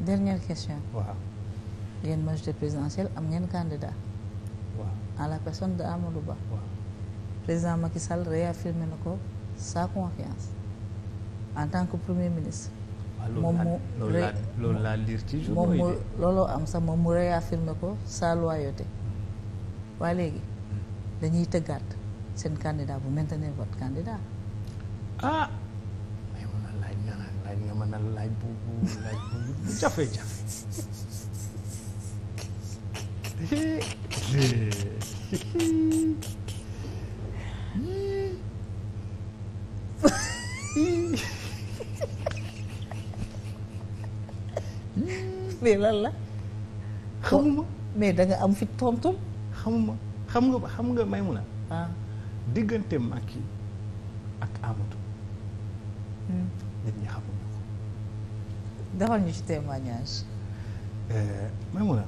dernière question. waaw. ngeen majorité présidentielle am ngeen candidat. waaw à la personne de Amadou Ba. waaw président Macky Sall réaffirmé na ko sa confiance en tant que premier ministre. moom mu loolu laa loolu laa lire ci journaux yi moom mu looloo am sax moom mu réaffirmé ko sa loyauté. Mm. waa léegi mm. dañuy tëggaat seen candidat bu maintenir bu bu jafe mais lan la. xamuma mais da am fi tontu. xamuma xam nga ba xam nga Maymuna ah diggante Macky ak Amadou. Hmm. nit ñi xamuma. defal ñu ci témoignage. Maimouna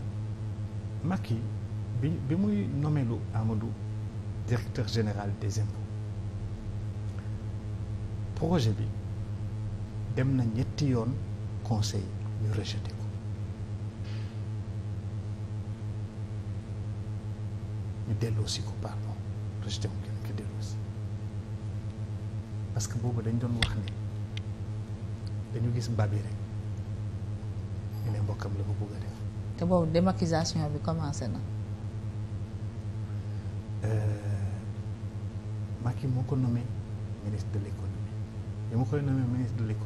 yi bi bi muy nommé lu Amadou directeur général des impôts projet bi dem na ñetti yoon conseil ñu rejeté ko ñu delloosi ko pardon rejeté ko kenn ki delloosi parce que boobu dañ doon wax ne dañu gis mbabi rek. ñu ne mbokkam la ko bëgg a def. te boobu démarquisation bi commencé na. Euh, Macky moo ko nommé ministre de l' économie ma koy nommé ministre de l'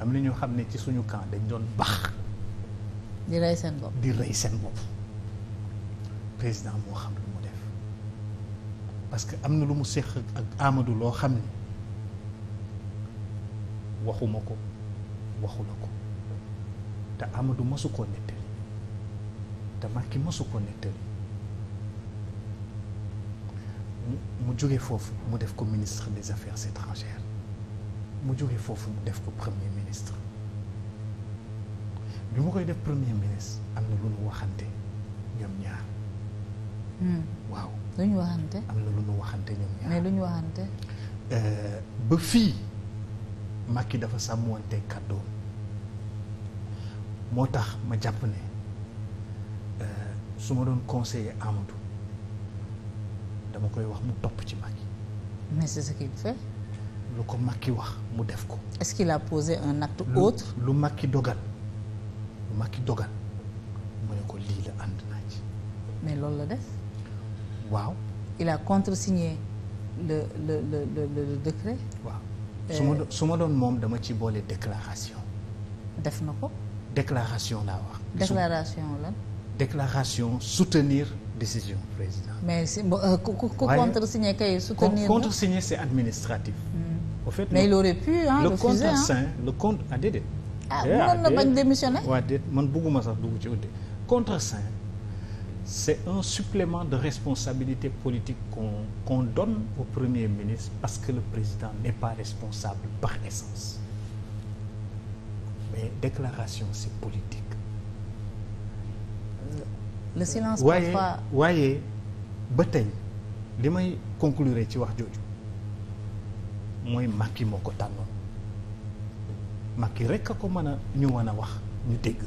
am na ñoo xam ne ci suñu camp dañ doon baax. di rey seen bopp di rey seen bopp président moo xam lu mu def parce que am na lu mu séq ak Amadou loo xam ne waxuma ko waxu la ko. te Amadou masu koo nettali te Macky mosu koo nettali mu mu jóge foofu mu def ko ministre des affaires étrangères mu jóge foofu mu def ko premier ministre bi mu koy def premier ministre am na lu mu waxante ñoom ñaar. Hmm. waaw lu ñu waxante. am na lu mu waxante ñoom ñaar mais lu ñu waxante. Euh, ba fii Macky dafa sàmmoonte kàddoom. moo tax ma jàpp ne euh, su ma doon conseiller Amadou dama koy wax mu topp ci Macky. mais c'est ce lu ko ki wax mu def ko. est-ce qu'il a posé un acte autre. lu Macky dogal lu Macky dogal mu ne ko lii la ànd naa ci. mais loolu la def. waaw. il a contresigné le le le le le waaw euh, su ma doon su ma doon moom dama ci boole déclaration. def na ko. déclaration laa wax. déclaration la. déclaration soutenir décision président. mais si euh, ku ku contresigné kay. soutenir c'est administratif. Hmm. mais il aurait pu le refuser hein. le compte à ah, déedéet. ah mënoon na ah, bañ démissionner. waaw déet man bëgguma sax dugg ci wute. c'est un supplément de responsabilité politique qu'on qu'on donne au premier ministre parce que le président n'est pas responsable par essence. déclaration c'est politique. le silence parfois waaye ba tey li may conclure ci wax jooju mooy Macky moo ko tànnoon Macky rek a ko mën a ñu mën a wax ñu dégg.